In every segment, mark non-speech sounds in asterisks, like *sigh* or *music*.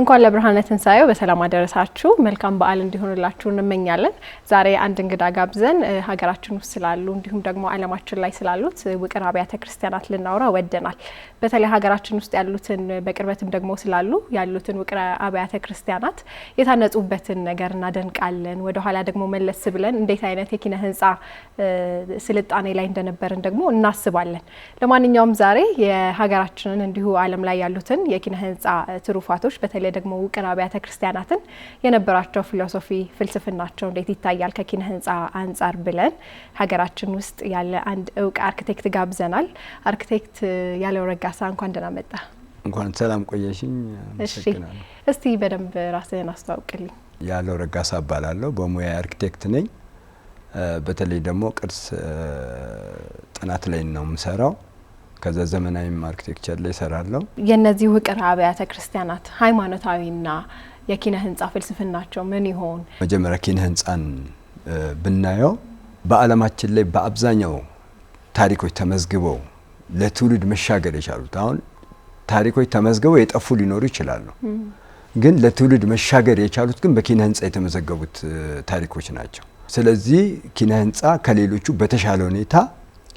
እንኳን ለብርሃነ ትንሳኤው በሰላም አደረሳችሁ። መልካም በዓል እንዲሆንላችሁ እንመኛለን። ዛሬ አንድ እንግዳ ጋብዘን ሀገራችን ውስጥ ስላሉ እንዲሁም ደግሞ ዓለማችን ላይ ስላሉት ውቅር አብያተ ክርስቲያናት ልናወራ ወደናል። በተለይ ሀገራችን ውስጥ ያሉትን በቅርበትም ደግሞ ስላሉ ያሉትን ውቅር አብያተ ክርስቲያናት የታነጹበትን ነገር እናደንቃለን። ወደኋላ ደግሞ መለስ ብለን እንዴት አይነት የኪነ ህንፃ ስልጣኔ ላይ እንደነበርን ደግሞ እናስባለን። ለማንኛውም ዛሬ የሀገራችንን እንዲሁ ዓለም ላይ ያሉትን የኪነ ህንፃ ትሩፋቶች በተለይ ደግሞ ውቅር አብያተ ክርስቲያናትን የነበራቸው ፊሎሶፊ ፍልስፍናቸው እንዴት ይታያል ከኪነ ህንፃ አንጻር ብለን ሀገራችን ውስጥ ያለ አንድ እውቅ አርክቴክት ጋብዘናል። አርክቴክት ያለው ረጋሳ እንኳን ደህና መጣ። እንኳን ሰላም ቆየሽኝ። እሺ እስቲ በደንብ ራስህን አስተዋውቅልኝ። ያለው ረጋሳ እባላለሁ። በሙያ አርክቴክት ነኝ። በተለይ ደግሞ ቅርስ ጥናት ላይ ነው የምሰራው። ከዛ ዘመናዊም አርኪቴክቸር ላይ ሰራለው። የእነዚህ ውቅር አብያተ ክርስቲያናት ሃይማኖታዊና የኪነ ፍልስፍ ፍልስፍናቸው ምን ይሆን? መጀመሪያ ኪነ ህንፃን ብናየው በዓለማችን ላይ በአብዛኛው ታሪኮች ተመዝግበው ለትውልድ መሻገር የቻሉት አሁን ታሪኮች ተመዝግበው የጠፉ ሊኖሩ ይችላሉ። ግን ለትውልድ መሻገር የቻሉት ግን በኪነ ህንፃ የተመዘገቡት ታሪኮች ናቸው። ስለዚህ ኪነ ህንፃ ከሌሎቹ በተሻለ ሁኔታ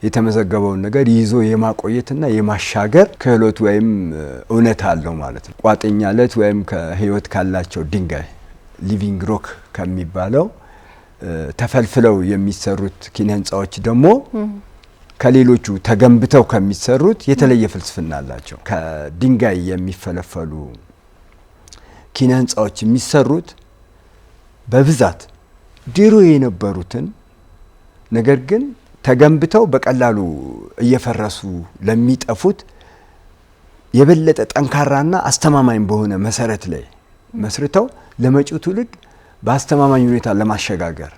የተመዘገበውን ነገር ይዞ የማቆየትና የማሻገር ክህሎት ወይም እውነት አለው ማለት ነው። ቋጥኛ አለት ወይም ከህይወት ካላቸው ድንጋይ ሊቪንግ ሮክ ከሚባለው ተፈልፍለው የሚሰሩት ኪነ ህንፃዎች ደግሞ ከሌሎቹ ተገንብተው ከሚሰሩት የተለየ ፍልስፍና አላቸው። ከድንጋይ የሚፈለፈሉ ኪነ ህንፃዎች የሚሰሩት በብዛት ድሮ የነበሩትን ነገር ግን ተገንብተው በቀላሉ እየፈረሱ ለሚጠፉት የበለጠ ጠንካራና አስተማማኝ በሆነ መሰረት ላይ መስርተው ለመጪው ትውልድ በአስተማማኝ ሁኔታ ለማሸጋገር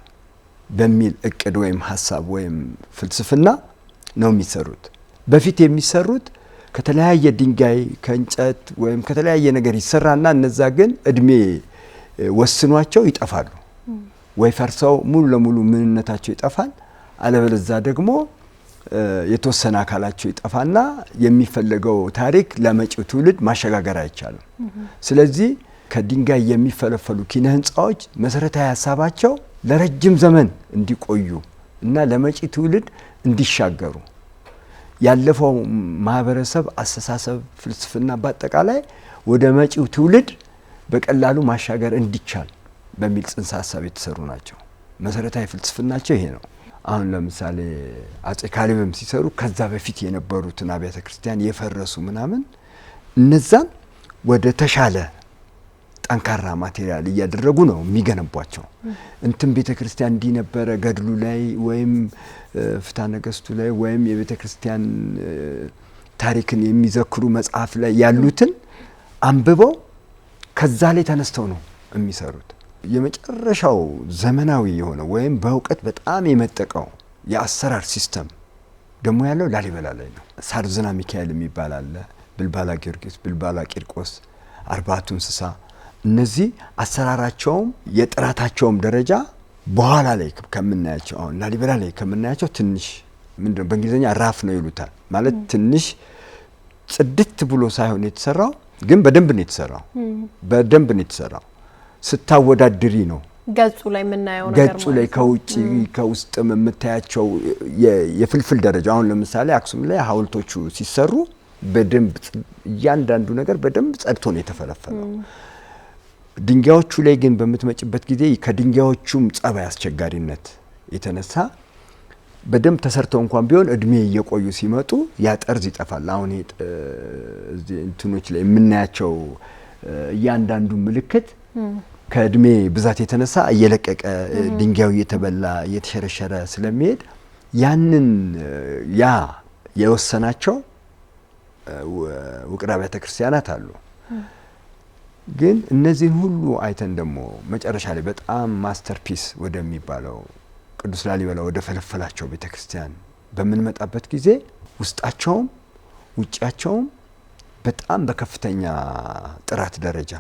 በሚል እቅድ ወይም ሀሳብ ወይም ፍልስፍና ነው የሚሰሩት። በፊት የሚሰሩት ከተለያየ ድንጋይ ከእንጨት ወይም ከተለያየ ነገር ይሰራና እነዛ ግን እድሜ ወስኗቸው ይጠፋሉ ወይ ፈርሰው ሙሉ ለሙሉ ምንነታቸው ይጠፋል አለበለዛ ደግሞ የተወሰነ አካላቸው ይጠፋና የሚፈለገው ታሪክ ለመጪው ትውልድ ማሸጋገር አይቻልም። ስለዚህ ከድንጋይ የሚፈለፈሉ ኪነ ህንፃዎች መሰረታዊ ሀሳባቸው ለረጅም ዘመን እንዲቆዩ እና ለመጪ ትውልድ እንዲሻገሩ ያለፈው ማህበረሰብ አስተሳሰብ፣ ፍልስፍና በአጠቃላይ ወደ መጪው ትውልድ በቀላሉ ማሻገር እንዲቻል በሚል ጽንሰ ሀሳብ የተሰሩ ናቸው። መሰረታዊ ፍልስፍናቸው ይሄ ነው። አሁን ለምሳሌ አጼ ካሌብም ሲሰሩ ከዛ በፊት የነበሩትን አብያተ ክርስቲያን የፈረሱ ምናምን እነዛን ወደ ተሻለ ጠንካራ ማቴሪያል እያደረጉ ነው የሚገነቧቸው። እንትን ቤተ ክርስቲያን እንዲህ ነበረ ገድሉ ላይ ወይም ፍታ ነገስቱ ላይ ወይም የቤተ ክርስቲያን ታሪክን የሚዘክሩ መጽሐፍ ላይ ያሉትን አንብበው ከዛ ላይ ተነስተው ነው የሚሰሩት። የመጨረሻው ዘመናዊ የሆነ ወይም በእውቀት በጣም የመጠቀው የአሰራር ሲስተም ደግሞ ያለው ላሊበላ ላይ ነው። ሳርዝና ሚካኤል የሚባል አለ፣ ብልባላ ጊዮርጊስ፣ ብልባላ ቂርቆስ፣ አርባቱ እንስሳ። እነዚህ አሰራራቸውም የጥራታቸውም ደረጃ በኋላ ላይ ከምናያቸው አሁን ላሊበላ ላይ ከምናያቸው ትንሽ ምንድነው በእንግሊዝኛ ራፍ ነው ይሉታል። ማለት ትንሽ ጽድት ብሎ ሳይሆን የተሰራው ግን በደንብ ነው የተሰራው። በደንብ ነው የተሰራው ስታወዳድሪ ነው ገጹ ላይ የምናየው ገጹ ላይ ከውጭ ከውስጥም የምታያቸው የፍልፍል ደረጃ። አሁን ለምሳሌ አክሱም ላይ ሐውልቶቹ ሲሰሩ በደንብ እያንዳንዱ ነገር በደንብ ጸድቶ ነው የተፈለፈለው። ድንጋዮቹ ላይ ግን በምትመጭበት ጊዜ ከድንጋዮቹም ጸባይ አስቸጋሪነት የተነሳ በደንብ ተሰርተው እንኳን ቢሆን እድሜ እየቆዩ ሲመጡ ያ ጠርዝ ይጠፋል። አሁን እንትኖች ላይ የምናያቸው እያንዳንዱ ምልክት ከእድሜ ብዛት የተነሳ እየለቀቀ ድንጋዩ እየተበላ እየተሸረሸረ ስለሚሄድ ያንን ያ የወሰናቸው ውቅር አብያተ ክርስቲያናት አሉ። ግን እነዚህን ሁሉ አይተን ደግሞ መጨረሻ ላይ በጣም ማስተርፒስ ወደሚባለው ቅዱስ ላሊበላ ወደ ፈለፈላቸው ቤተ ክርስቲያን በምንመጣበት ጊዜ ውስጣቸውም ውጫቸውም በጣም በከፍተኛ ጥራት ደረጃ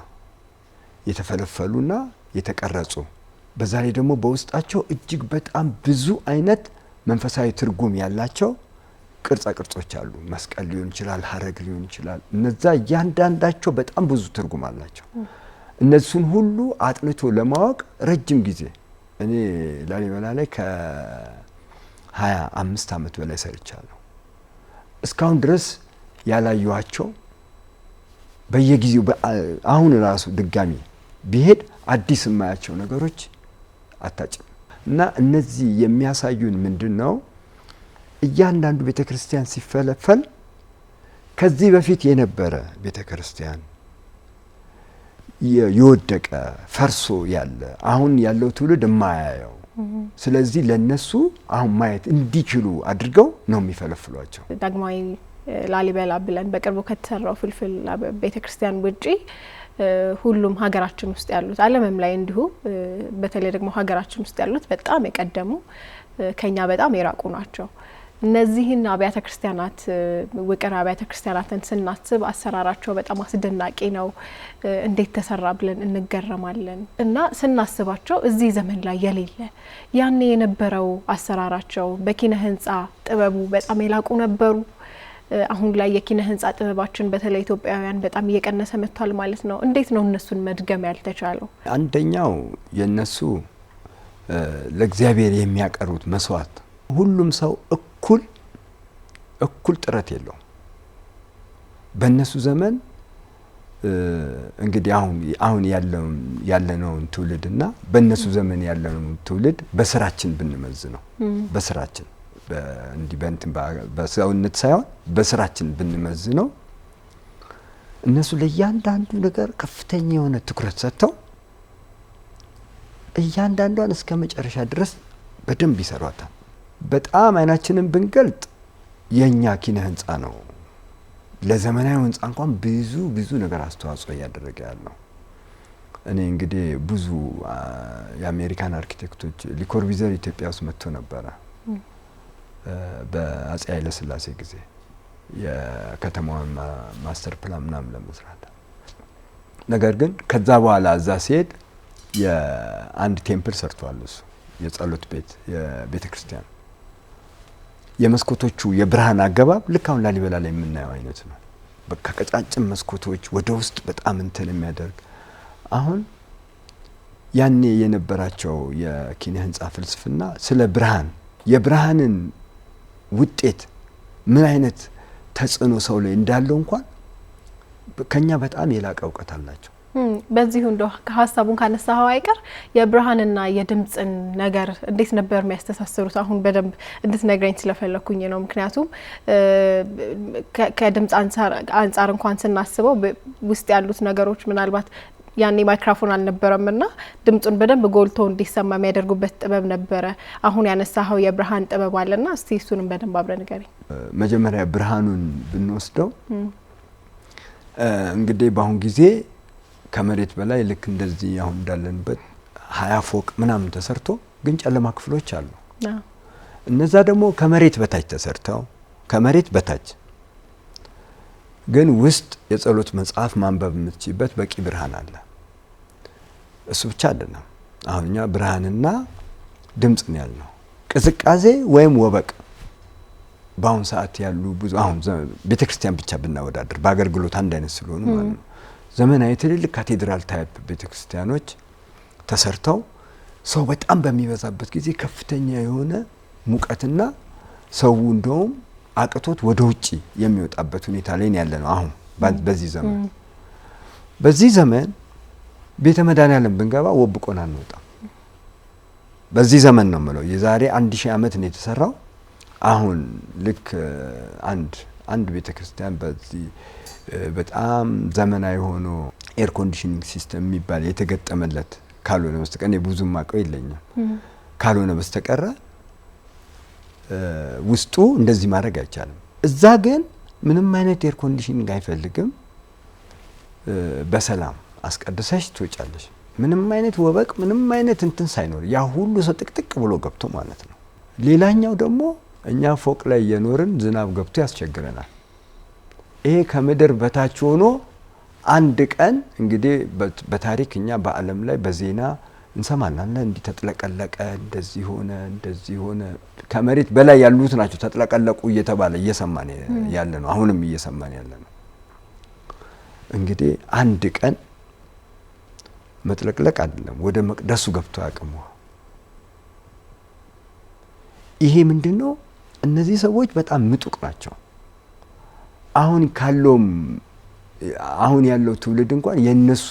የተፈለፈሉና የተቀረጹ በዛሬ ደግሞ በውስጣቸው እጅግ በጣም ብዙ አይነት መንፈሳዊ ትርጉም ያላቸው ቅርጻ ቅርጾች አሉ። መስቀል ሊሆን ይችላል፣ ሀረግ ሊሆን ይችላል። እነዛ እያንዳንዳቸው በጣም ብዙ ትርጉም አላቸው። እነሱን ሁሉ አጥንቶ ለማወቅ ረጅም ጊዜ እኔ ላሊበላ ላይ ከሀያ አምስት ዓመት በላይ ሰርቻለሁ። እስካሁን ድረስ ያላየኋቸው በየጊዜው አሁን ራሱ ድጋሚ ቢሄድ አዲስ የማያቸው ነገሮች አታጭም እና እነዚህ የሚያሳዩን ምንድን ነው? እያንዳንዱ ቤተ ክርስቲያን ሲፈለፈል ከዚህ በፊት የነበረ ቤተ ክርስቲያን የወደቀ ፈርሶ ያለ አሁን ያለው ትውልድ የማያየው ስለዚህ ለነሱ አሁን ማየት እንዲችሉ አድርገው ነው የሚፈለፍሏቸው። ዳግማዊ ላሊበላ ብለን በቅርቡ ከተሰራው ፍልፍል ቤተ ክርስቲያን ውጪ ሁሉም ሀገራችን ውስጥ ያሉት ዓለምም ላይ እንዲሁ በተለይ ደግሞ ሀገራችን ውስጥ ያሉት በጣም የቀደሙ ከኛ በጣም የራቁ ናቸው። እነዚህን አብያተ ክርስቲያናት ውቅር አብያተ ክርስቲያናትን ስናስብ አሰራራቸው በጣም አስደናቂ ነው። እንዴት ተሰራ ብለን እንገረማለን እና ስናስባቸው እዚህ ዘመን ላይ የሌለ ያኔ የነበረው አሰራራቸው በኪነ ህንፃ ጥበቡ በጣም የላቁ ነበሩ። አሁን ላይ የኪነ ህንጻ ጥበባችን በተለይ ኢትዮጵያውያን በጣም እየቀነሰ መጥቷል ማለት ነው። እንዴት ነው እነሱን መድገም ያልተቻለው? አንደኛው የነሱ ለእግዚአብሔር የሚያቀርቡት መስዋዕት፣ ሁሉም ሰው እኩል እኩል ጥረት የለውም። በእነሱ ዘመን እንግዲህ አሁን አሁን ያለነውን ትውልድ እና በእነሱ ዘመን ያለነውን ትውልድ በስራችን ብንመዝ ነው በስራችን እንዲህ በእንትን በሰውነት ሳይሆን በስራችን ብንመዝነው እነሱ ለእያንዳንዱ ነገር ከፍተኛ የሆነ ትኩረት ሰጥተው እያንዳንዷን እስከ መጨረሻ ድረስ በደንብ ይሰሯታል። በጣም አይናችንን ብንገልጥ የእኛ ኪነ ህንፃ ነው። ለዘመናዊ ህንፃ እንኳን ብዙ ብዙ ነገር አስተዋጽኦ እያደረገ ያለው እኔ እንግዲህ ብዙ የአሜሪካን አርኪቴክቶች ሊኮርቢዘር ኢትዮጵያ ውስጥ መጥቶ ነበረ። በአጼ ስላሴ ጊዜ የከተማዋን ማስተር ፕላን ምናምን ለመስራት ነገር ግን ከዛ በኋላ እዛ ሲሄድ የአንድ ቴምፕል ሰርተዋል። እሱ የጸሎት ቤት የቤተ ክርስቲያን የመስኮቶቹ የብርሃን አገባብ ልክ አሁን ላሊበላ ላይ የምናየው አይነት ነው። ቀጫጭን መስኮቶች ወደ ውስጥ በጣም እንትን የሚያደርግ አሁን ያኔ የነበራቸው የኪነ ህንጻ ፍልስፍና ስለ ብርሃን የብርሃንን ውጤት ምን አይነት ተጽዕኖ ሰው ላይ እንዳለው እንኳን ከኛ በጣም የላቀ እውቀት አላቸው። በዚሁ እንደው ከሀሳቡን ካነሳኸው አይቀር የብርሃንና የድምፅን ነገር እንዴት ነበር የሚያስተሳስሩት? አሁን በደንብ እንድትነግረኝ ስለፈለኩኝ ነው። ምክንያቱም ከድምፅ አንጻር እንኳን ስናስበው ውስጥ ያሉት ነገሮች ምናልባት ያኔ ማይክራፎን አልነበረም እና ድምጹን በደንብ ጎልቶ እንዲሰማ የሚያደርጉበት ጥበብ ነበረ። አሁን ያነሳኸው የብርሃን ጥበብ አለና እስቲ እሱንም በደንብ አብረ ንገሪኝ። መጀመሪያ ብርሃኑን ብንወስደው እንግዲህ በአሁን ጊዜ ከመሬት በላይ ልክ እንደዚህ አሁን እንዳለንበት ሀያ ፎቅ ምናምን ተሰርቶ ግን ጨለማ ክፍሎች አሉ። እነዛ ደግሞ ከመሬት በታች ተሰርተው ከመሬት በታች ግን ውስጥ የጸሎት መጽሐፍ ማንበብ የምትችበት በቂ ብርሃን አለ። እሱ ብቻ አይደለም። አሁን እኛ ብርሃንና ድምጽ ነው ያልነው። ቅዝቃዜ ወይም ወበቅ በአሁን ሰዓት ያሉ ብዙ አሁን ቤተ ክርስቲያን ብቻ ብናወዳደር በአገልግሎት አንድ አይነት ስለሆኑ ማለት ነው። ዘመናዊ ትልልቅ ካቴድራል ታይፕ ቤተ ክርስቲያኖች ተሰርተው ሰው በጣም በሚበዛበት ጊዜ ከፍተኛ የሆነ ሙቀትና ሰው እንደውም አቅቶት ወደ ውጭ የሚወጣበት ሁኔታ ላይ ያለ ነው አሁን በዚህ ዘመን በዚህ ዘመን ቤተ መድኃኔዓለም ብንገባ ወብቆን አንወጣም። በዚህ ዘመን ነው የምለው። የዛሬ አንድ ሺህ ዓመት ነው የተሰራው። አሁን ልክ አንድ አንድ ቤተ ክርስቲያን በዚህ በጣም ዘመናዊ ሆኖ ኤር ኮንዲሽኒንግ ሲስተም የሚባል የተገጠመለት ካልሆነ በስተቀር እኔ ብዙም አውቀው የለኝም። ካልሆነ በስተቀረ ውስጡ እንደዚህ ማድረግ አይቻልም። እዛ ግን ምንም አይነት ኤር ኮንዲሽኒንግ አይፈልግም። በሰላም አስቀድሰሽ ትውጫለሽ። ምንም አይነት ወበቅ ምንም አይነት እንትን ሳይኖር ያ ሁሉ ሰው ጥቅጥቅ ብሎ ገብቶ ማለት ነው። ሌላኛው ደግሞ እኛ ፎቅ ላይ እየኖርን ዝናብ ገብቶ ያስቸግረናል። ይሄ ከምድር በታች ሆኖ አንድ ቀን እንግዲህ በታሪክ እኛ በዓለም ላይ በዜና እንሰማናለን። እንዲህ ተጥለቀለቀ፣ እንደዚህ ሆነ፣ እንደዚህ ሆነ። ከመሬት በላይ ያሉት ናቸው ተጥለቀለቁ እየተባለ እየሰማን ያለ ነው። አሁንም እየሰማን ያለ ነው። እንግዲህ አንድ ቀን መጥለቅለቅ አይደለም፣ ወደ መቅደሱ ገብቶ ያቅመዋል። ይሄ ምንድን ነው? እነዚህ ሰዎች በጣም ምጡቅ ናቸው። አሁን ካለውም አሁን ያለው ትውልድ እንኳን የእነሱ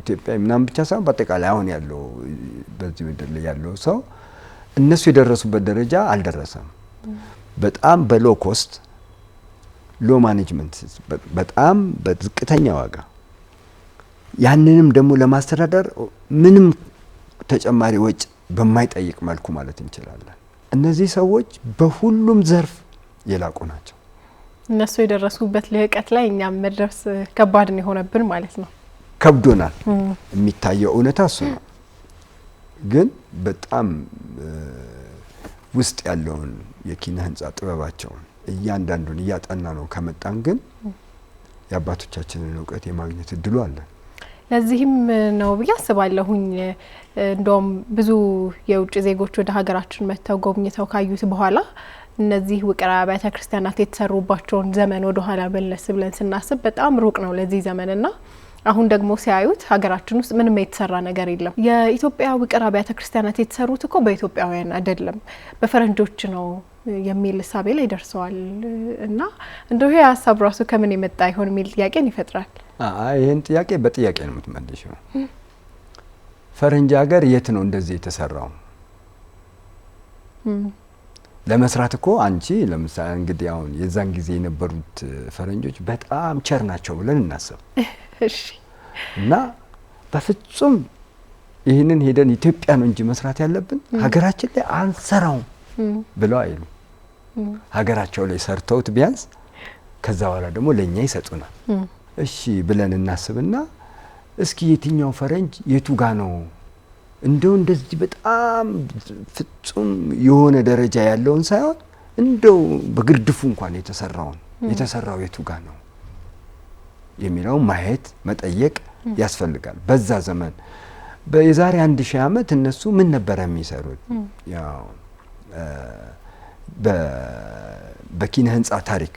ኢትዮጵያ ምናምን ብቻ ሳይሆን በአጠቃላይ አሁን ያለው በዚህ ምድር ላይ ያለው ሰው እነሱ የደረሱበት ደረጃ አልደረሰም። በጣም በሎ ኮስት ሎ ማኔጅመንት በጣም በዝቅተኛ ዋጋ ያንንም ደግሞ ለማስተዳደር ምንም ተጨማሪ ወጪ በማይጠይቅ መልኩ ማለት እንችላለን። እነዚህ ሰዎች በሁሉም ዘርፍ የላቁ ናቸው። እነሱ የደረሱበት ልህቀት ላይ እኛም መድረስ ከባድ የሆነብን ማለት ነው። ከብዶናል። የሚታየው እውነታ እሱ ነው። ግን በጣም ውስጥ ያለውን የኪነ ህንፃ ጥበባቸውን እያንዳንዱን እያጠና ነው ከመጣን ግን የአባቶቻችንን እውቀት የማግኘት እድሉ አለን። ለዚህም ነው ብዬ አስባለሁኝ። እንደውም ብዙ የውጭ ዜጎች ወደ ሀገራችን መጥተው ጎብኝተው ካዩት በኋላ እነዚህ ውቅር አብያተ ክርስቲያናት የተሰሩባቸውን ዘመን ወደ ኋላ መለስ ብለን ስናስብ በጣም ሩቅ ነው ለዚህ ዘመንና አሁን ደግሞ ሲያዩት ሀገራችን ውስጥ ምንም የተሰራ ነገር የለም። የኢትዮጵያ ውቅር አብያተ ክርስቲያናት የተሰሩት እኮ በኢትዮጵያውያን አይደለም፣ በፈረንጆች ነው የሚል እሳቤ ላይ ደርሰዋል እና እንደ ይሄ ሀሳብ ራሱ ከምን የመጣ ይሆን የሚል ጥያቄን ይፈጥራል። ይህን ጥያቄ በጥያቄ ነው የምትመልሽው። ፈረንጅ ሀገር የት ነው እንደዚህ የተሰራው? ለመስራት እኮ አንቺ ለምሳሌ እንግዲህ አሁን የዛን ጊዜ የነበሩት ፈረንጆች በጣም ቸር ናቸው ብለን እናስብ *laughs* እና በፍጹም ይህንን ሄደን ኢትዮጵያ ነው እንጂ መስራት ያለብን ሀገራችን ላይ አንሰራውም ብለው አይሉ ሀገራቸው ላይ ሰርተውት ቢያንስ ከዛ በኋላ ደግሞ ለእኛ ይሰጡናል። እሺ ብለን እናስብና እስኪ የትኛው ፈረንጅ የቱ ጋ ነው እንደው እንደዚህ በጣም ፍጹም የሆነ ደረጃ ያለውን ሳይሆን እንደው በግርድፉ እንኳን የተሰራውን የተሰራው የቱ ጋ ነው የሚለው ማየት መጠየቅ ያስፈልጋል። በዛ ዘመን የዛሬ አንድ ሺህ ዓመት እነሱ ምን ነበረ የሚሰሩት ያው በኪነ ህንፃ ታሪክ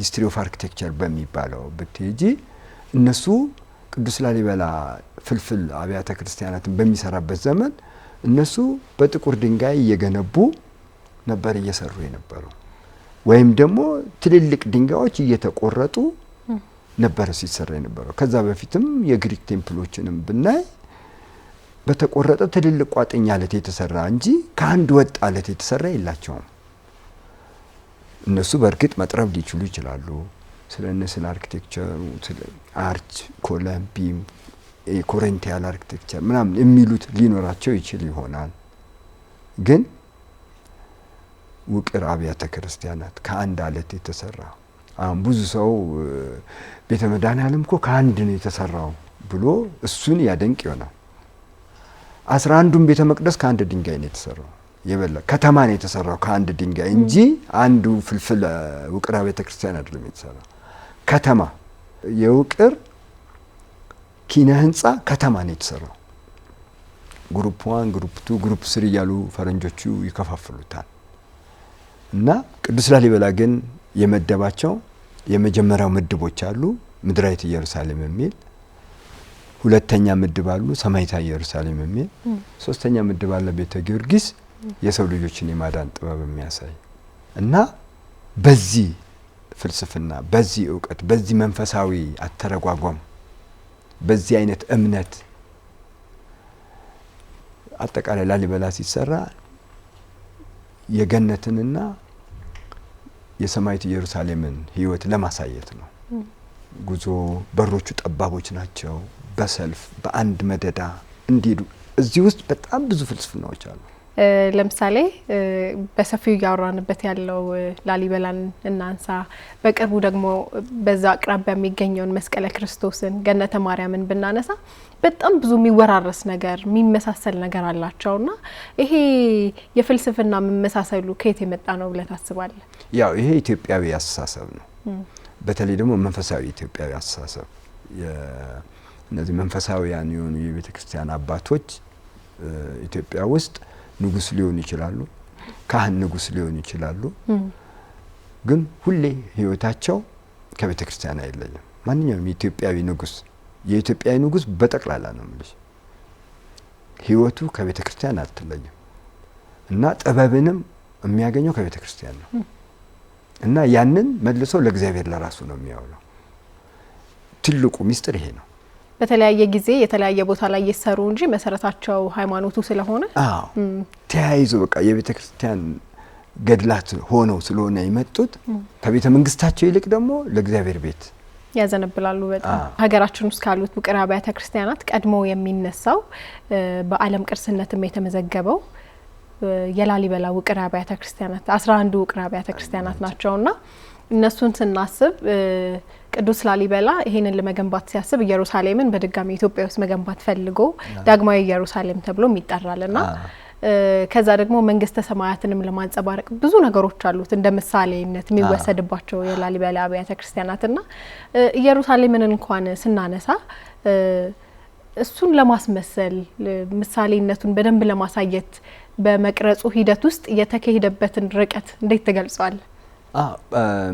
ሂስትሪ ኦፍ አርኪቴክቸር በሚባለው ብትሄጂ እነሱ ቅዱስ ላሊበላ ፍልፍል አብያተ ክርስቲያናትን በሚሰራበት ዘመን እነሱ በጥቁር ድንጋይ እየገነቡ ነበር እየሰሩ የነበሩ ወይም ደግሞ ትልልቅ ድንጋዮች እየተቆረጡ ነበር ሲሰራ የነበረው። ከዛ በፊትም የግሪክ ቴምፕሎችንም ብናይ በተቆረጠ ትልልቅ ቋጥኝ አለት የተሰራ እንጂ ከአንድ ወጥ አለት የተሰራ የላቸውም። እነሱ በእርግጥ መጥረብ ሊችሉ ይችላሉ። ስለነ ስለ አርኪቴክቸሩ ስለ አርች ኮለም፣ ቢም፣ የኮረንቲያል አርኪቴክቸር ምናምን የሚሉት ሊኖራቸው ይችል ይሆናል። ግን ውቅር አብያተ ክርስቲያናት ከአንድ አለት የተሰራ አሁን ብዙ ሰው ቤተ መድኃኔ እኮ ከአንድ ነው የተሰራው ብሎ እሱን ያደንቅ ይሆናል። አስራ አንዱን ቤተ መቅደስ ከአንድ ድንጋይ ነው የተሰራው። የበለ ከተማ ነው የተሰራው ከአንድ ድንጋይ እንጂ አንዱ ፍልፍል ውቅር ቤተ ክርስቲያን አይደለም የተሰራው። ከተማ የውቅር ኪነ ህንፃ ከተማ ነው የተሰራው። ግሩፕ ዋን፣ ግሩፕ ቱ፣ ግሩፕ ስሪ እያሉ ፈረንጆቹ ይከፋፍሉታል። እና ቅዱስ ላሊበላ ግን የመደባቸው የመጀመሪያው ምድቦች አሉ ምድራዊት ኢየሩሳሌም የሚል ሁለተኛ ምድብ አሉ ሰማይታ ኢየሩሳሌም የሚል ሶስተኛ ምድብ አለ ቤተ ጊዮርጊስ የሰው ልጆችን የማዳን ጥበብ የሚያሳይ እና በዚህ ፍልስፍና በዚህ እውቀት በዚህ መንፈሳዊ አተረጓጓም በዚህ አይነት እምነት አጠቃላይ ላሊበላ ሲሰራ የገነትንና የሰማይት ኢየሩሳሌምን ህይወት ለማሳየት ነው። ጉዞ በሮቹ ጠባቦች ናቸው። በሰልፍ በአንድ መደዳ እንዲሄዱ እዚህ ውስጥ በጣም ብዙ ፍልስፍናዎች አሉ። ለምሳሌ በሰፊው እያወራንበት ያለው ላሊበላን እናንሳ። በቅርቡ ደግሞ በዛ አቅራቢያ የሚገኘውን መስቀለ ክርስቶስን፣ ገነተ ማርያምን ብናነሳ በጣም ብዙ የሚወራረስ ነገር የሚመሳሰል ነገር አላቸው እና ይሄ የፍልስፍና መመሳሰሉ ከየት የመጣ ነው ብለህ ታስባለህ? ያው ይሄ ኢትዮጵያዊ አስተሳሰብ ነው። በተለይ ደግሞ መንፈሳዊ ኢትዮጵያዊ አስተሳሰብ እነዚህ መንፈሳዊያን የሆኑ የቤተ ክርስቲያን አባቶች ኢትዮጵያ ውስጥ ንጉስ ሊሆኑ ይችላሉ፣ ካህን ንጉስ ሊሆኑ ይችላሉ። ግን ሁሌ ህይወታቸው ከቤተ ክርስቲያን አይለይም። ማንኛውም የኢትዮጵያዊ ንጉስ የኢትዮጵያዊ ንጉስ በጠቅላላ ነው የምልሽ ህይወቱ ከቤተ ክርስቲያን አትለይም እና ጥበብንም የሚያገኘው ከቤተ ክርስቲያን ነው እና ያንን መልሶ ለእግዚአብሔር ለራሱ ነው የሚያውለው። ትልቁ ሚስጥር ይሄ ነው። በተለያየ ጊዜ የተለያየ ቦታ ላይ እየሰሩ እንጂ መሰረታቸው ሃይማኖቱ ስለሆነ ተያይዞ በቃ የቤተ ክርስቲያን ገድላት ሆነው ስለሆነ የመጡት ከቤተ መንግስታቸው ይልቅ ደግሞ ለእግዚአብሔር ቤት ያዘነብላሉ። በጣም ሀገራችን ውስጥ ካሉት ውቅር አብያተ ክርስቲያናት ቀድሞ የሚነሳው በዓለም ቅርስነትም የተመዘገበው የላሊበላ ውቅር አብያተ ክርስቲያናት አስራ አንዱ ውቅር አብያተ ክርስቲያናት ናቸውና እነሱን ስናስብ ቅዱስ ላሊበላ ይሄንን ለመገንባት ሲያስብ ኢየሩሳሌምን በድጋሚ ኢትዮጵያ ውስጥ መገንባት ፈልጎ ዳግማዊ ኢየሩሳሌም ተብሎም ይጠራልና ከዛ ደግሞ መንግስተ ሰማያትንም ለማንጸባረቅ ብዙ ነገሮች አሉት እንደ ምሳሌነት የሚወሰድባቸው የላሊበላ አብያተ ክርስቲያናት ና ኢየሩሳሌምን እንኳን ስናነሳ እሱን ለማስመሰል ምሳሌነቱን በደንብ ለማሳየት በመቅረጹ ሂደት ውስጥ የተካሄደበትን ርቀት እንዴት ትገልጸዋል?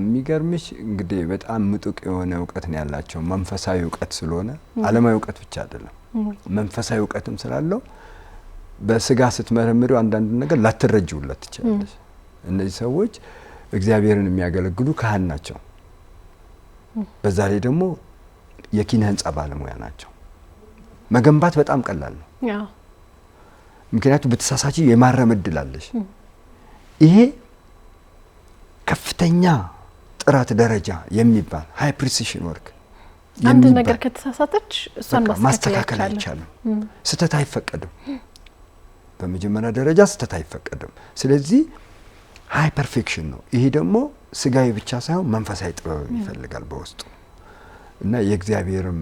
የሚገርምሽ እንግዲህ በጣም ምጡቅ የሆነ እውቀት ነው ያላቸው። መንፈሳዊ እውቀት ስለሆነ አለማዊ እውቀት ብቻ አይደለም፣ መንፈሳዊ እውቀትም ስላለው በስጋ ስትመረምሪው አንዳንድ ነገር ላትረጅውለት ትችላለች። እነዚህ ሰዎች እግዚአብሔርን የሚያገለግሉ ካህን ናቸው። በዛ ላይ ደግሞ የኪነ ህንጻ ባለሙያ ናቸው። መገንባት በጣም ቀላል ነው። ምክንያቱም ብትሳሳች የማረም እድል አለሽ። ይሄ ከፍተኛ ጥራት ደረጃ የሚባል ሃይ ፕሪሲሽን ወርክ አንድ ነገር ከተሳሳተች እሷን ማስተካከል አይቻልም። ስህተት አይፈቀድም። በመጀመሪያ ደረጃ ስህተት አይፈቀድም። ስለዚህ ሃይ ፐርፌክሽን ነው። ይሄ ደግሞ ስጋዊ ብቻ ሳይሆን መንፈሳዊ ጥበብም ይፈልጋል በውስጡ እና የእግዚአብሔርም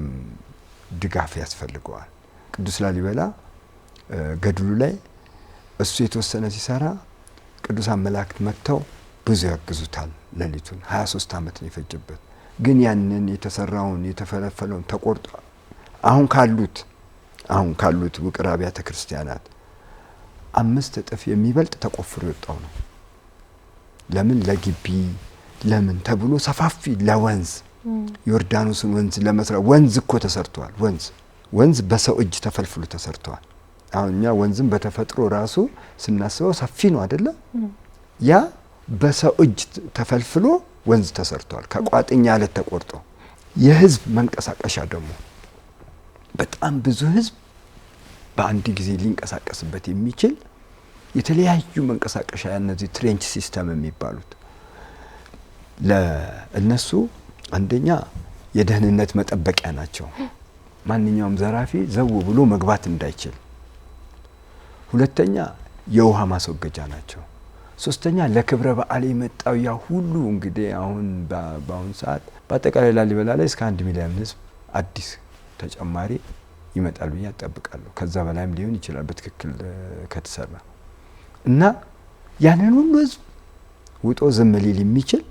ድጋፍ ያስፈልገዋል። ቅዱስ ላሊበላ ገድሉ ላይ እሱ የተወሰነ ሲሰራ ቅዱሳን መላእክት መጥተው ብዙ ያግዙታል። ሌሊቱን 23 ዓመት ነው የፈጀበት። ግን ያንን የተሰራውን የተፈለፈለውን ተቆርጦ አሁን ካሉት አሁን ካሉት ውቅር አብያተ ክርስቲያናት አምስት እጥፍ የሚበልጥ ተቆፍሮ የወጣው ነው። ለምን ለግቢ ለምን ተብሎ ሰፋፊ ለወንዝ ዮርዳኖስን ወንዝ ለመስራት ወንዝ እኮ ተሰርተዋል። ወንዝ ወንዝ በሰው እጅ ተፈልፍሎ ተሰርተዋል። አሁን እኛ ወንዝም በተፈጥሮ ራሱ ስናስበው ሰፊ ነው አይደለም? ያ በሰው እጅ ተፈልፍሎ ወንዝ ተሰርቷል። ከቋጥኛ አለት ተቆርጦ የህዝብ መንቀሳቀሻ ደግሞ በጣም ብዙ ህዝብ በአንድ ጊዜ ሊንቀሳቀስበት የሚችል የተለያዩ መንቀሳቀሻ እነዚህ ትሬንች ሲስተም የሚባሉት ለእነሱ አንደኛ የደህንነት መጠበቂያ ናቸው። ማንኛውም ዘራፊ ዘው ብሎ መግባት እንዳይችል። ሁለተኛ የውሃ ማስወገጃ ናቸው። ሶስተኛ ለክብረ በዓል የመጣው ያ ሁሉ እንግዲህ አሁን በአሁን ሰዓት በአጠቃላይ ላሊበላ ላይ እስከ አንድ ሚሊዮን ህዝብ አዲስ ተጨማሪ ይመጣል ብዬ አጠብቃለሁ። ከዛ በላይም ሊሆን ይችላል በትክክል ከተሰራ እና ያንን ሁሉ ህዝብ ውጦ ዝም ሊል የሚችል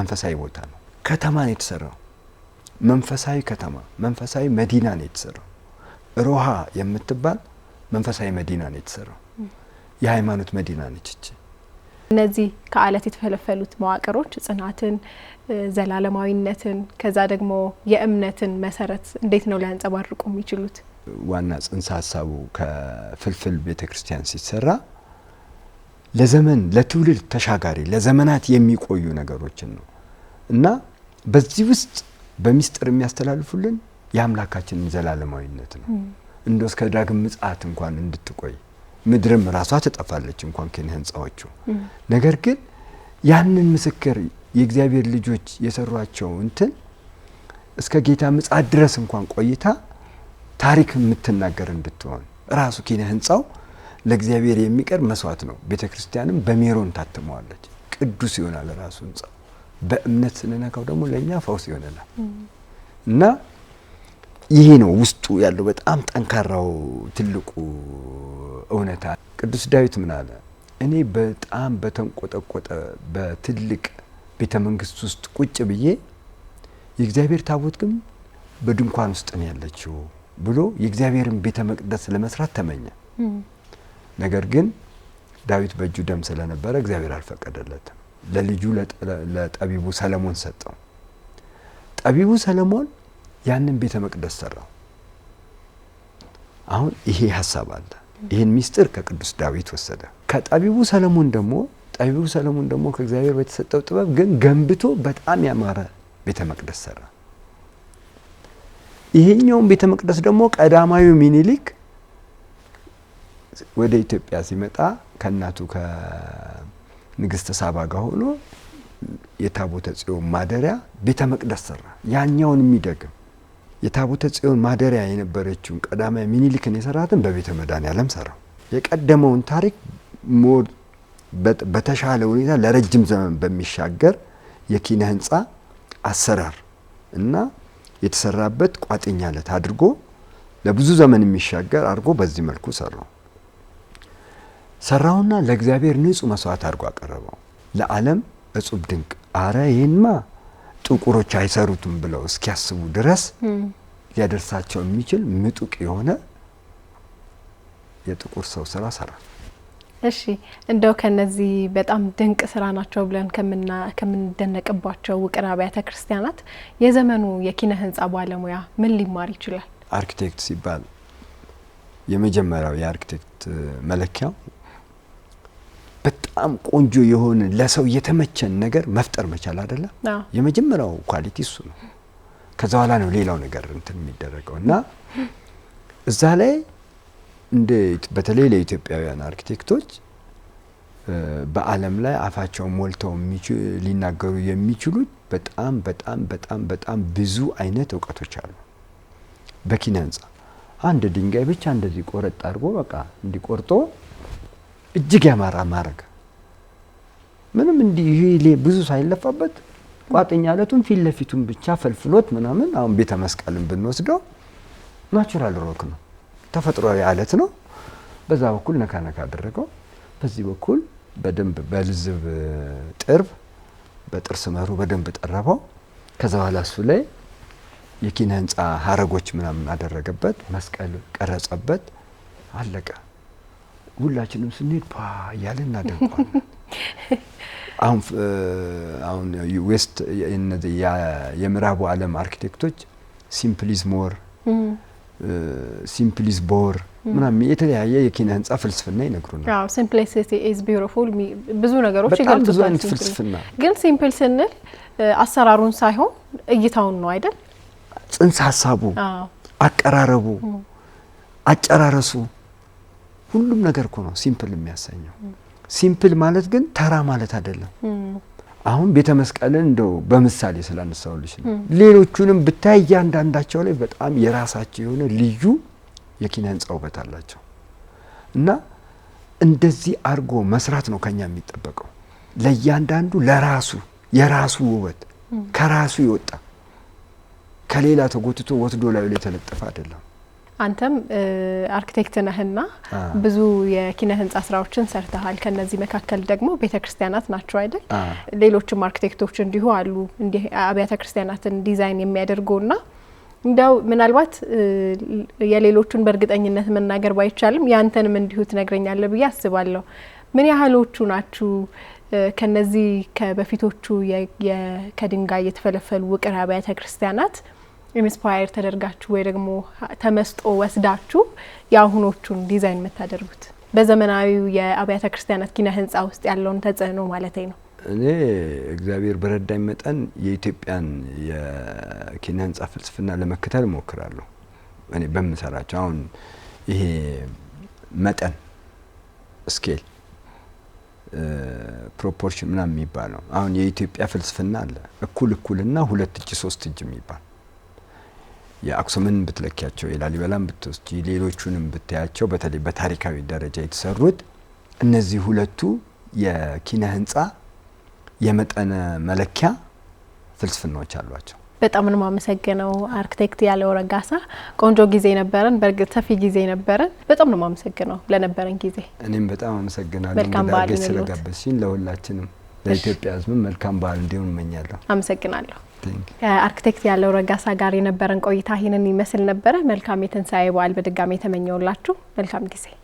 መንፈሳዊ ቦታ ነው። ከተማ ነው የተሰራው። መንፈሳዊ ከተማ፣ መንፈሳዊ መዲና ነው የተሰራው። ሮሃ የምትባል መንፈሳዊ መዲና ነው የተሰራው። የሃይማኖት መዲና ነች። እነዚህ ከአለት የተፈለፈሉት መዋቅሮች ጽናትን፣ ዘላለማዊነትን ከዛ ደግሞ የእምነትን መሰረት እንዴት ነው ሊያንጸባርቁ የሚችሉት? ዋና ጽንሰ ሀሳቡ ከፍልፍል ቤተ ክርስቲያን ሲሰራ ለዘመን ለትውልድ ተሻጋሪ ለዘመናት የሚቆዩ ነገሮችን ነው እና በዚህ ውስጥ በሚስጥር የሚያስተላልፉልን የአምላካችንን ዘላለማዊነት ነው እንደ እስከ ዳግም ምጽአት እንኳን እንድትቆይ ምድርም ራሷ ትጠፋለች እንኳን ኪነ ህንፃዎቹ። ነገር ግን ያንን ምስክር የእግዚአብሔር ልጆች የሰሯቸው እንትን እስከ ጌታ ምጽአት ድረስ እንኳን ቆይታ ታሪክ የምትናገር እንድትሆን ራሱ ኪነ ህንፃው ለእግዚአብሔር የሚቀርብ መስዋዕት ነው። ቤተ ክርስቲያንም በሜሮን ታትመዋለች። ቅዱስ ይሆናል ራሱ ህንፃው። በእምነት ስንነካው ደግሞ ለእኛ ፈውስ ይሆነናል እና ይሄ ነው ውስጡ ያለው በጣም ጠንካራው ትልቁ እውነታ። ቅዱስ ዳዊት ምን አለ? እኔ በጣም በተንቆጠቆጠ በትልቅ ቤተ መንግስት ውስጥ ቁጭ ብዬ የእግዚአብሔር ታቦት ግን በድንኳን ውስጥ ነው ያለችው ብሎ የእግዚአብሔርን ቤተ መቅደስ ለመስራት ተመኘ። ነገር ግን ዳዊት በእጁ ደም ስለነበረ እግዚአብሔር አልፈቀደለትም። ለልጁ ለጠቢቡ ሰለሞን ሰጠው። ጠቢቡ ሰለሞን ያንን ቤተ መቅደስ ሰራው። አሁን ይሄ ሀሳብ አለ። ይህን ሚስጥር ከቅዱስ ዳዊት ወሰደ። ከጠቢቡ ሰለሞን ደግሞ ጠቢቡ ሰለሞን ደግሞ ከእግዚአብሔር በተሰጠው ጥበብ ግን ገንብቶ በጣም ያማረ ቤተ መቅደስ ሰራ። ይሄኛውን ቤተ መቅደስ ደግሞ ቀዳማዩ ሚኒሊክ ወደ ኢትዮጵያ ሲመጣ ከእናቱ ከንግስተ ሳባ ጋር ሆኖ የታቦተ ጽዮን ማደሪያ ቤተ መቅደስ ሰራ። ያኛውን የሚደግም የታቦተ ጽዮን ማደሪያ የነበረችውን ቀዳማዊ ሚኒሊክን የሰራትን በቤተ መድኃኔዓለም ሰራው። የቀደመውን ታሪክ ሞድ በተሻለ ሁኔታ ለረጅም ዘመን በሚሻገር የኪነ ህንፃ አሰራር እና የተሰራበት ቋጥኝ አድርጎ ለብዙ ዘመን የሚሻገር አድርጎ በዚህ መልኩ ሰራው። ሰራውና ለእግዚአብሔር ንጹህ መስዋዕት አድርጎ አቀረበው። ለዓለም እጹብ ድንቅ አረ ይህንማ ጥቁሮች አይሰሩትም ብለው እስኪያስቡ ድረስ ሊያደርሳቸው የሚችል ምጡቅ የሆነ የጥቁር ሰው ስራ ሰራል። እሺ እንደው ከነዚህ በጣም ድንቅ ስራ ናቸው ብለን ከምንደነቅባቸው ውቅር አብያተ ክርስቲያናት የዘመኑ የኪነ ህንጻ ባለሙያ ምን ሊማር ይችላል? አርኪቴክት ሲባል የመጀመሪያው የአርኪቴክት መለኪያው በጣም ቆንጆ የሆነ ለሰው የተመቸን ነገር መፍጠር መቻል አይደለም። የመጀመሪያው ኳሊቲ እሱ ነው። ከዛ በኋላ ነው ሌላው ነገር እንትን የሚደረገው እና እዛ ላይ እንደ በተለይ ለኢትዮጵያውያን አርኪቴክቶች በዓለም ላይ አፋቸውን ሞልተው ሊናገሩ የሚችሉት በጣም በጣም በጣም በጣም ብዙ አይነት እውቀቶች አሉ። በኪነ ህንፃ አንድ ድንጋይ ብቻ እንደዚህ ቆረጥ አድርጎ በቃ እንዲቆርጦ እጅግ ያማራ ማድረግ ምንም እንዲህ ይሄ ብዙ ሳይለፋበት ቋጠኛ አለቱን ፊት ለፊቱን ብቻ ፈልፍሎት ምናምን። አሁን ቤተ መስቀልን ብንወስደው ናቹራል ሮክ ነው፣ ተፈጥሯዊ አለት ነው። በዛ በኩል ነካ ነካ አደረገው። በዚህ በኩል በደንብ በልዝብ ጥርብ በጥርስ መሩ በደንብ ጠረበው። ከዛ በኋላ እሱ ላይ የኪነ ህንፃ ሀረጎች ምናምን አደረገበት፣ መስቀል ቀረጸበት፣ አለቀ። ሁላችንም ስንሄድ ፓ እያለ እናደንቀዋለን። *laughs* አሁን አሁን ዌስት የምዕራቡ ዓለም አርኪቴክቶች ሲምፕሊዝ ሞር ሲምፕሊዝ ቦር ምናምን የተለያየ የኪነ ህንጻ ፍልስፍና ይነግሩናል። አዎ ሲምፕሊሲቲ ኢዝ ቢዩቲፉል ብዙ ነገሮች ይገልጹታል። አይነት ፍልስፍና ግን ሲምፕል ስንል አሰራሩን ሳይሆን እይታውን ነው አይደል? ጽንሰ ሀሳቡ፣ አቀራረቡ፣ አጨራረሱ ሁሉም ነገር እኮ ነው ሲምፕል የሚያሰኘው። ሲምፕል ማለት ግን ተራ ማለት አይደለም። አሁን ቤተ መስቀልን እንደው በምሳሌ ስላነሳሁልሽ ነው። ሌሎቹንም ብታይ እያንዳንዳቸው ላይ በጣም የራሳቸው የሆነ ልዩ የኪነ ህንፃ ውበት አላቸው እና እንደዚህ አድርጎ መስራት ነው ከኛ የሚጠበቀው። ለእያንዳንዱ ለራሱ የራሱ ውበት ከራሱ ይወጣ ከሌላ ተጎትቶ ወትዶ ላዩ ላይ የተለጠፈ አይደለም። አንተም አርክቴክት ነህና ብዙ የኪነ ህንጻ ስራዎችን ሰርተሃል። ከነዚህ መካከል ደግሞ ቤተ ክርስቲያናት ናቸው አይደል? ሌሎችም አርክቴክቶች እንዲሁ አሉ እንዲህ አብያተ ክርስቲያናትን ዲዛይን የሚያደርጉና እንዲያው ምናልባት የሌሎቹን በእርግጠኝነት መናገር ባይቻልም ያንተንም እንዲሁ ትነግረኛለህ ብዬ አስባለሁ። ምን ያህሎቹ ናችሁ ከነዚህ ከበፊቶቹ ከድንጋይ የተፈለፈሉ ውቅር አብያተ ክርስቲያናት ኢንስፓየር ተደርጋችሁ ወይ ደግሞ ተመስጦ ወስዳችሁ የአሁኖቹን ዲዛይን የምታደርጉት በዘመናዊው የአብያተ ክርስቲያናት ኪነ ህንፃ ውስጥ ያለውን ተጽዕኖ ማለት ነው። እኔ እግዚአብሔር በረዳኝ መጠን የኢትዮጵያን የኪነ ህንፃ ፍልስፍና ለመከተል እሞክራለሁ። እኔ በምሰራቸው አሁን ይሄ መጠን ስኬል ፕሮፖርሽን ምናምን የሚባለው አሁን የኢትዮጵያ ፍልስፍና አለ እኩል እኩልና ሁለት እጅ ሶስት እጅ የሚባል የአክሱምን ብትለኪያቸው የላሊበላን ብትወስጂ ሌሎቹንም ብታያቸው በተለይ በታሪካዊ ደረጃ የተሰሩት እነዚህ ሁለቱ የኪነ ህንፃ የመጠነ መለኪያ ፍልስፍናዎች አሏቸው። በጣም ነው የማመሰግነው አርክቴክት ያለው ረጋሳ። ቆንጆ ጊዜ ነበረን፣ በእርግጥ ሰፊ ጊዜ ነበረን። በጣም ነው የማመሰግነው ለነበረን ጊዜ። እኔም በጣም አመሰግናለሁ እንግዳ ስለጋበዝሽኝ። ለሁላችንም ለኢትዮጵያ ህዝብም መልካም በዓል እንዲሆን እመኛለሁ። አመሰግናለሁ። ከአርክቴክት ያለው ረጋሳ ጋር የነበረን ቆይታ ይህንን ይመስል ነበረ። መልካም የትንሳኤ በዓል በድጋሚ የተመኘውላችሁ መልካም ጊዜ